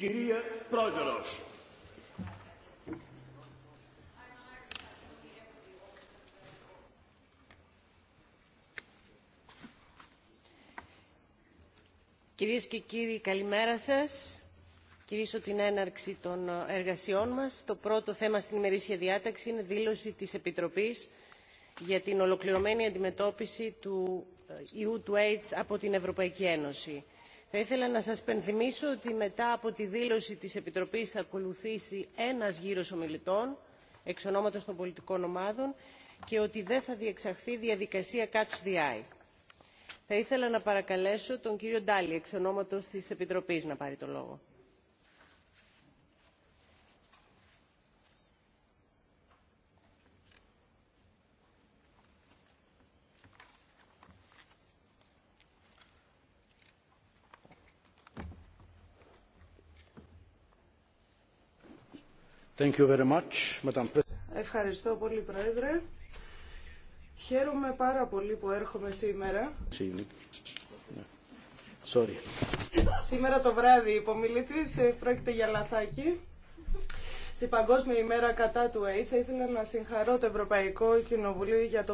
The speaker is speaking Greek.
κυρία Πρόεδρος. Κυρίες και κύριοι, καλημέρα σας. Κυρίσω την έναρξη των ε, εργασιών μας. Το πρώτο θέμα στην ημερήσια διάταξη είναι δήλωση της Επιτροπής για την ολοκληρωμένη αντιμετώπιση του ε, ιού του AIDS από την Ευρωπαϊκή Ένωση. Θα ήθελα να σας πενθυμίσω ότι μετά από τη δήλωση της Επιτροπής θα ακολουθήσει ένας γύρος ομιλητών εξ ονόματος των πολιτικών ομάδων και ότι δεν θα διεξαχθεί διαδικασία Catch the Eye. Θα ήθελα να παρακαλέσω τον κύριο Ντάλι εξ ονόματος της Επιτροπής να πάρει το λόγο. Ευχαριστώ πολύ, Πρόεδρε. Χαίρομαι πάρα πολύ που έρχομαι σήμερα. Sorry. Σήμερα το βράδυ υπομιλητής ε, πρόκειται για λαθάκι. Στην Παγκόσμια ημέρα κατά του AIDS θα ήθελα να συγχαρώ το Ευρωπαϊκό Κοινοβουλίο για το